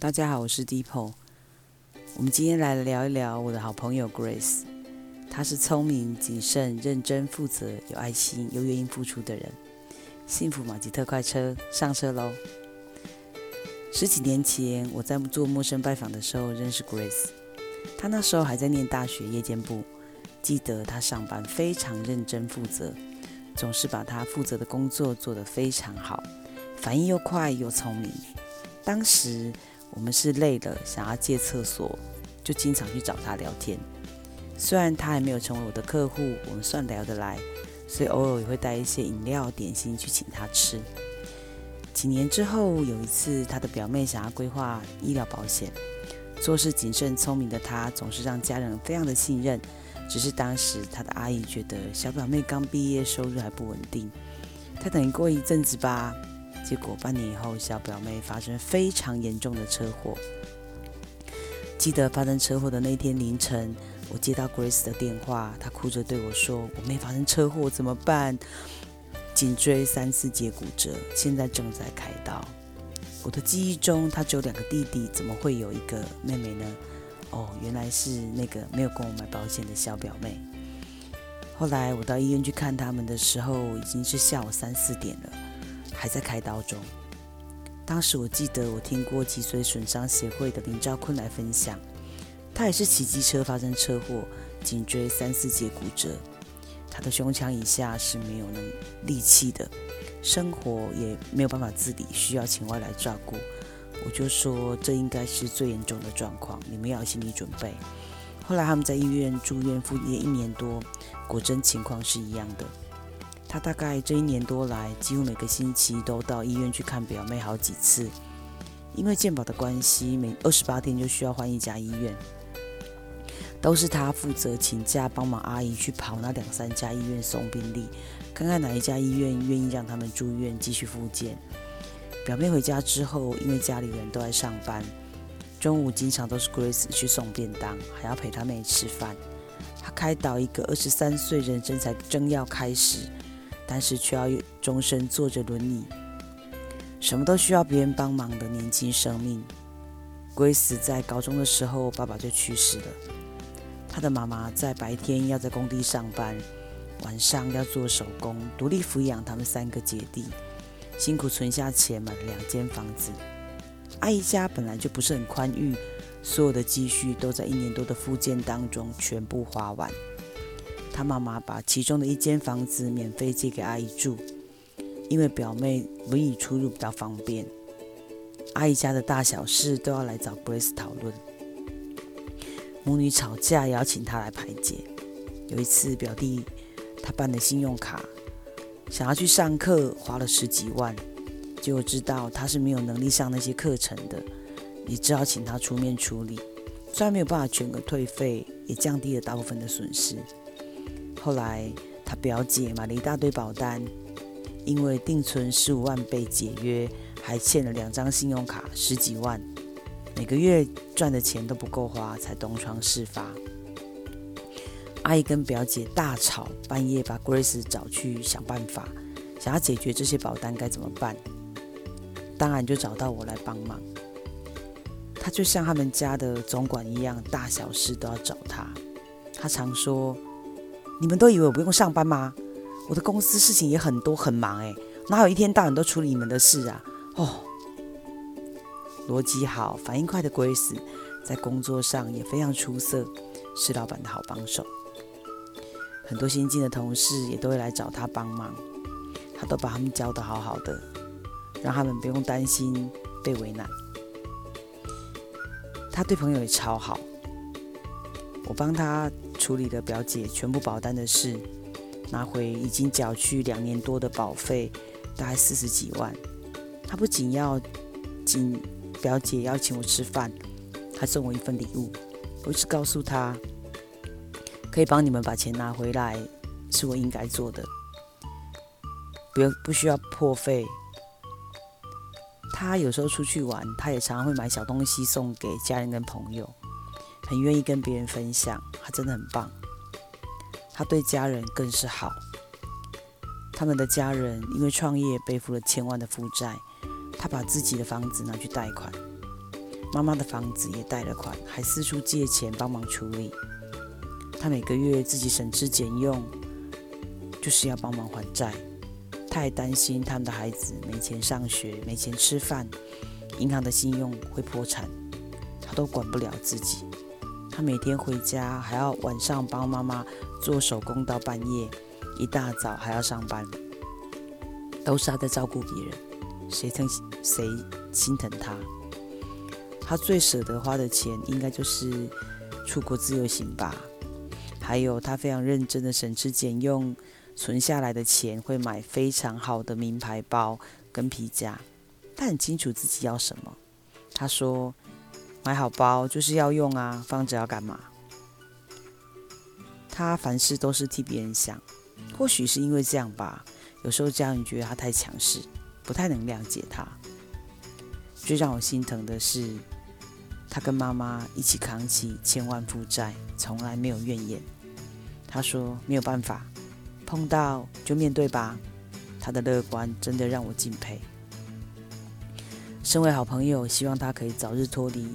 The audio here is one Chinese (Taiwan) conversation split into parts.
大家好，我是 Deepo。我們今天來聊一聊我的好朋友 Grace。她是聰明、謹慎、認真、負責、有愛心、又願意付出的人。幸福馬吉特快車，上車嘍！十幾年前，我在做陌生拜訪的時候認識 Grace。她那時候還在念大學夜間部。記得她上班非常認真負責，總是把她負責的工作做得非常好，反應又快又聰明。當時，我們是累了，想要借廁所，就經常去找他聊天。雖然他還沒有成為我的客戶，我們算聊得來，所以偶爾也會帶一些飲料、點心去請他吃。幾年之後，有一次他的表妹想要規劃醫療保險，做事謹慎、聰明的他總是讓家人非常的信任。只是當時他的阿姨覺得小表妹剛畢業，收入還不穩定，他等於過一陣子吧。結果半年以後，小表妹發生非常嚴重的車禍。記得發生車禍的那天凌晨，我接到 Grace 的電話，她哭着對我說：“我妹發生車禍怎麼辦？頸椎三四節骨折，現在正在開刀。”我的記憶中她只有兩個弟弟，怎麼會有一個妹妹呢？哦，原來是那個沒有跟我買保險的小表妹。後來我到醫院去看他們的時候，已經是下午三四點了。還在開刀中。當時我記得我聽過脊髓損傷協會的林兆坤來分享，他也是騎機車發生車禍，頸椎三四節骨折，他的胸腔以下是沒有能力氣的，生活也沒有辦法自理，需要請外來照顧。我就說，這應該是最嚴重的狀況，你們要有心理準備。後來他們在醫院住院復醫一年多，果真情況是一樣的。他大概這一年多來，幾乎每個星期都到醫院去看表妹好幾次，因為健保的關係，每二十八天就需要換一家醫院，都是他負責請假幫忙阿姨去跑那兩三家醫院送病歷，看看哪一家醫院願意讓他們住院繼續復健。表妹回家之後，因為家裡人都在上班，中午經常都是 Grace 去送便當，還要陪他妹吃飯。他開導一個二十三歲，人生才正要開始。但是卻要終身坐着輪椅，什麼都需要別人幫忙的年輕生命。Grace 在高中的時候，爸爸就去世了。他的媽媽在白天要在工地上班，晚上要做手工，獨立撫養他們三個姐弟，辛苦存下錢買了兩間房子。阿姨家本來就不是很寬裕，所有的積蓄都在一年多的復健當中全部花完。他媽媽把其中的一間房子免費借給阿姨住，因為表妹輪椅出入比較方便。阿姨家的大小事都要來找 Grace 討論，母女吵架也要請他來排解。有一次，表弟他辦的信用卡想要去上課，花了十幾萬，結果知道他是沒有能力上那些課程的，也只好請他出面處理。雖然沒有辦法全額退費，也降低了大部分的損失。後來，他表姐買了一大堆保單，因為定存十五萬被解約，還欠了兩張信用卡十幾萬，每個月賺的錢都不夠花，才東窗事發。阿姨跟表姐大吵，半夜把 Grace 找去想辦法，想要解決這些保單該怎麼辦？當然就找到我來幫忙。他就像他們家的總管一樣，大小事都要找他。他常說，你們都以為我不用上班嗎？我的公司事情也很多，很忙誒，哪有一天到晚都處理你們的事啊？哦，邏輯好、反應快的 Grace，在工作上也非常出色，是老闆的好幫手。很多新進的同事也都會來找他幫忙，他都把他們教得好好的，讓他們不用擔心被為難。他對朋友也超好，我幫他。處理了表姐全部保單的事，拿回已經繳去兩年多的保費，大概四十幾萬。他不僅要請表姐邀請我吃飯，還送我一份禮物。我只告訴他，可以幫你們把錢拿回來，是我應該做的，不用，不需要破費。他有時候出去玩，他也常常會買小東西送給家人跟朋友。很願意跟別人分享，他真的很棒。他對家人更是好。他們的家人因為創業背負了千萬的負債，他把自己的房子拿去貸款，媽媽的房子也貸了款，還四處借錢幫忙處理。他每個月自己省吃儉用，就是要幫忙還債。他還擔心他們的孩子沒錢上學、沒錢吃飯，銀行的信用會破產，他都管不了自己。他每天回家還要晚上幫媽媽做手工到半夜，一大早還要上班，都是他在照顧別人，誰疼誰心疼他。他最捨得花的錢應該就是出國自由行吧，還有他非常認真的省吃儉用存下來的錢，會買非常好的名牌包跟皮夾，他很清楚自己要什麼。他說。買好包就是要用啊，放着要幹嘛？他凡事都是替別人想，或許是因為這樣吧，有時候這樣你覺得他太強勢，不太能諒解他。最讓我心疼的是，他跟媽媽一起扛起千萬負債，從來沒有怨言。他說沒有辦法，碰到就面對吧。他的樂觀真的讓我敬佩。身為好朋友，希望他可以早日脫離。.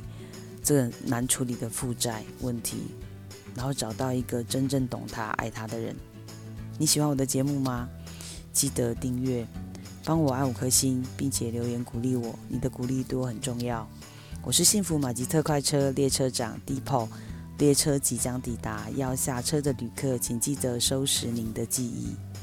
這難處理的負債問題，然後找到一個真正懂他、愛他的人。你喜歡我的節目嗎？記得訂閱，幫我按五顆星，並且留言鼓勵我。你的鼓勵對我很重要。我是幸福馬吉特快車列車長 Deepo，列車即將抵達，要下車的旅客請記得收拾您的記憶。